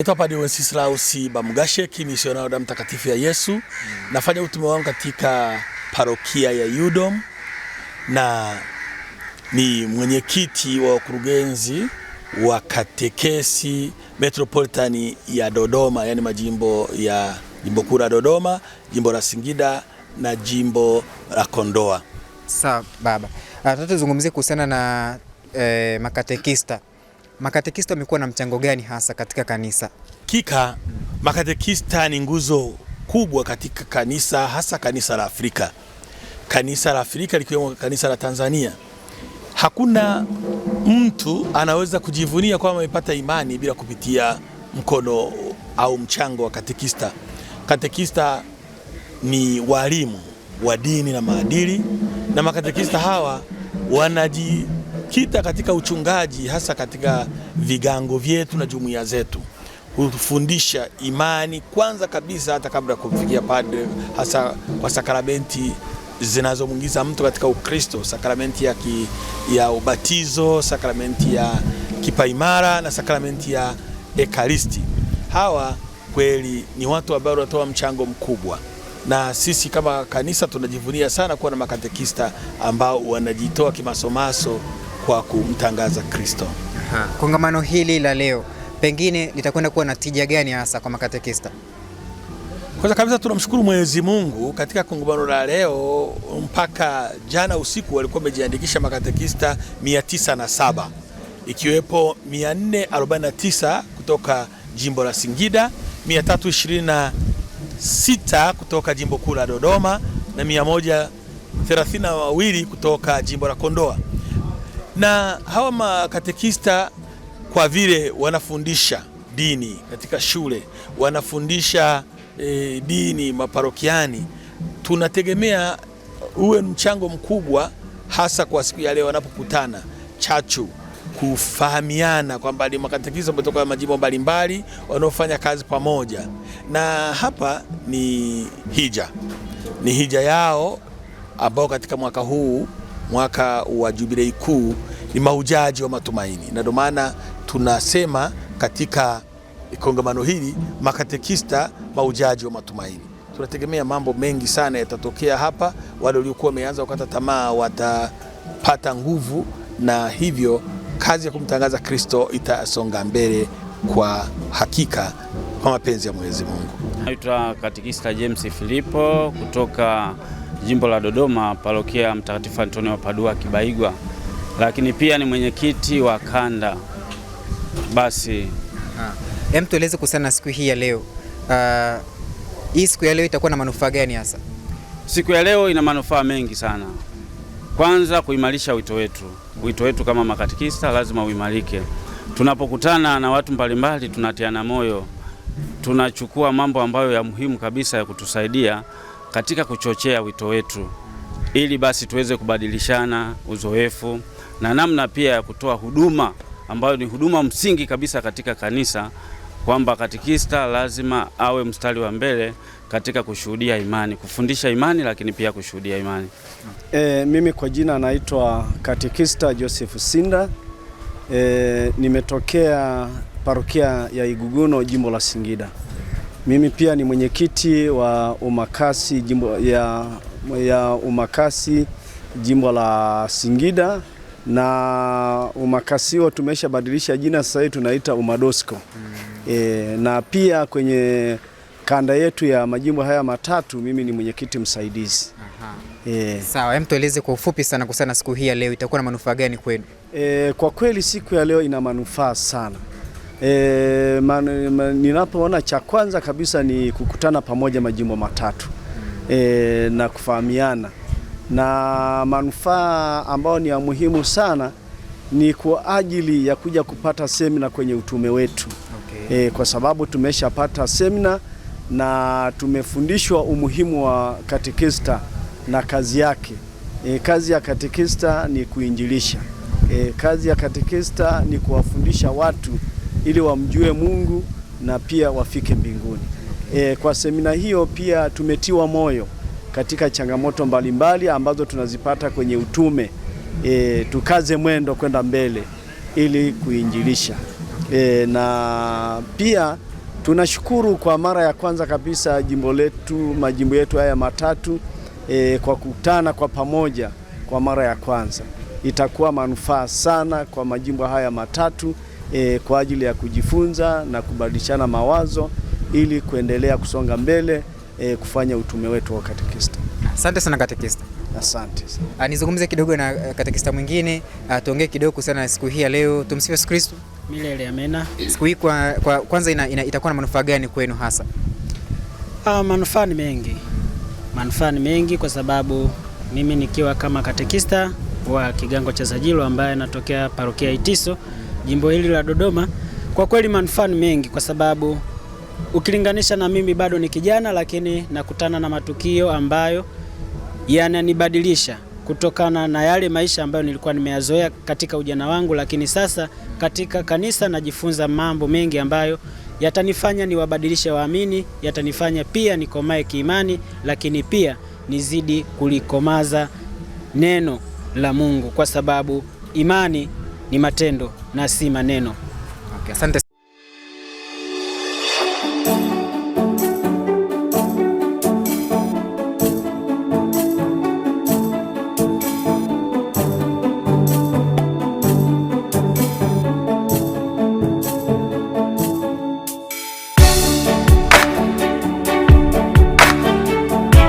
Naitwa Padre Wenceslaus Bamugashe, kimisionari damu takatifu ya Yesu mm. Nafanya utume wangu katika parokia ya Yudom na ni mwenyekiti wa wakurugenzi wa katekesi metropolitani ya Dodoma, yaani majimbo ya jimbo kuu la Dodoma, jimbo la Singida na jimbo la Kondoa. Sawa baba, ah, tutazungumzia kuhusiana na eh, makatekista makatekista wamekuwa na mchango gani hasa katika kanisa? Kika makatekista ni nguzo kubwa katika kanisa, hasa kanisa la Afrika, kanisa la Afrika likiwemo kanisa la Tanzania. Hakuna mtu anaweza kujivunia kwamba amepata imani bila kupitia mkono au mchango wa katekista. Katekista ni walimu wa dini na maadili, na makatekista hawa wanaji kujikita katika uchungaji, hasa katika vigango vyetu na jumuiya zetu hufundisha imani kwanza kabisa, hata kabla ya kumfikia padre, hasa kwa sakramenti zinazomwingiza mtu katika Ukristo: sakramenti ya, ki, ya ubatizo, sakramenti ya kipaimara na sakramenti ya ekaristi. Hawa kweli ni watu ambao wanatoa mchango mkubwa, na sisi kama kanisa tunajivunia sana kuwa na makatekista ambao wanajitoa kimasomaso kwa kumtangaza Kristo. Kongamano hili la leo pengine litakwenda kuwa na tija gani hasa kwa makatekista? Kwanza kabisa tunamshukuru Mwenyezi Mungu, katika kongamano la leo mpaka jana usiku walikuwa wamejiandikisha makatekista 907 ikiwepo 449 kutoka jimbo la Singida, 326 kutoka jimbo kuu la Dodoma na 132 kutoka jimbo la Kondoa na hawa makatekista kwa vile wanafundisha dini katika shule, wanafundisha e, dini maparokiani, tunategemea uwe mchango mkubwa, hasa kwa siku ya leo wanapokutana chachu kufahamiana kwamba ni makatekista kutoka majimbo mbalimbali wanaofanya kazi pamoja, na hapa ni hija, ni hija yao ambao katika mwaka huu mwaka wa jubilei kuu ni mahujaji wa matumaini, na ndio maana tunasema katika kongamano hili makatekista, mahujaji wa matumaini. Tunategemea mambo mengi sana yatatokea hapa. Wale waliokuwa wameanza kukata tamaa watapata nguvu, na hivyo kazi ya kumtangaza Kristo itasonga mbele kwa hakika, kwa mapenzi ya Mwenyezi Mungu. Naitwa Katekista James Filipo kutoka jimbo la Dodoma, parokia Mtakatifu Antonio wa Padua Kibaigwa, lakini pia ni mwenyekiti wa kanda. Basi ah, hem, tueleze kuhusiana na siku hii ya leo. Uh, hii siku ya leo itakuwa na manufaa gani hasa? Siku ya leo ina manufaa mengi sana. Kwanza, kuimarisha wito wetu. Wito wetu kama makatikista lazima uimarike. Tunapokutana na watu mbalimbali, tunatiana moyo, tunachukua mambo ambayo ya muhimu kabisa ya kutusaidia katika kuchochea wito wetu, ili basi tuweze kubadilishana uzoefu na namna pia ya kutoa huduma ambayo ni huduma msingi kabisa katika kanisa, kwamba katikista lazima awe mstari wa mbele katika kushuhudia imani, kufundisha imani, lakini pia kushuhudia imani. E, mimi kwa jina naitwa katikista Joseph Sinda. E, nimetokea parokia ya Iguguno jimbo la Singida. Mimi pia ni mwenyekiti wa Umakasi jimbo ya, ya Umakasi jimbo la Singida na Umakasi huo tumeshabadilisha jina sasa hivi tunaita Umadosco. Mm. E, na pia kwenye kanda yetu ya majimbo haya matatu mimi ni mwenyekiti msaidizi. Aha. E. Sawa, hem tueleze kwa ufupi sana kuhusiana siku hii ya leo itakuwa na manufaa gani kwenu? E, kwa kweli siku ya leo ina manufaa sana E, ninapoona cha kwanza kabisa ni kukutana pamoja majimbo matatu e, na kufahamiana na manufaa ambayo ni ya muhimu sana ni kwa ajili ya kuja kupata semina kwenye utume wetu okay. E, kwa sababu tumeshapata semina na tumefundishwa umuhimu wa katekista na kazi yake. E, kazi ya katekista ni kuinjilisha. E, kazi ya katekista ni kuwafundisha watu ili wamjue Mungu na pia wafike mbinguni. E, kwa semina hiyo pia tumetiwa moyo katika changamoto mbalimbali mbali ambazo tunazipata kwenye utume e, tukaze mwendo kwenda mbele ili kuinjilisha e, na pia tunashukuru kwa mara ya kwanza kabisa jimbo letu majimbo yetu haya matatu e, kwa kukutana kwa pamoja kwa mara ya kwanza itakuwa manufaa sana kwa majimbo haya matatu e, kwa ajili ya kujifunza na kubadilishana mawazo ili kuendelea kusonga mbele e, kufanya utume wetu wa katekista. Asante sana katekista. Asante sana. Nizungumze kidogo na e, katekista mwingine, tuongee kidogo kuhusiana na siku hii ya leo. Tumsifu Yesu Kristo. Milele amena. Siku hii kwa, kwa, kwanza ina, ina, itakuwa na manufaa gani kwenu hasa? Ah, manufaa ni mengi, manufaa ni mengi kwa sababu mimi nikiwa kama katekista wa kigango cha Zajilo ambaye natokea parokia Itiso jimbo hili la Dodoma kwa kweli manufaa mengi, kwa sababu ukilinganisha na mimi bado ni kijana, lakini nakutana na matukio ambayo yananibadilisha kutokana na yale maisha ambayo nilikuwa nimeyazoea katika ujana wangu, lakini sasa katika kanisa najifunza mambo mengi ambayo yatanifanya niwabadilishe waamini, yatanifanya pia nikomae kiimani, lakini pia nizidi kulikomaza neno la Mungu, kwa sababu imani ni matendo na si maneno. Okay, asante.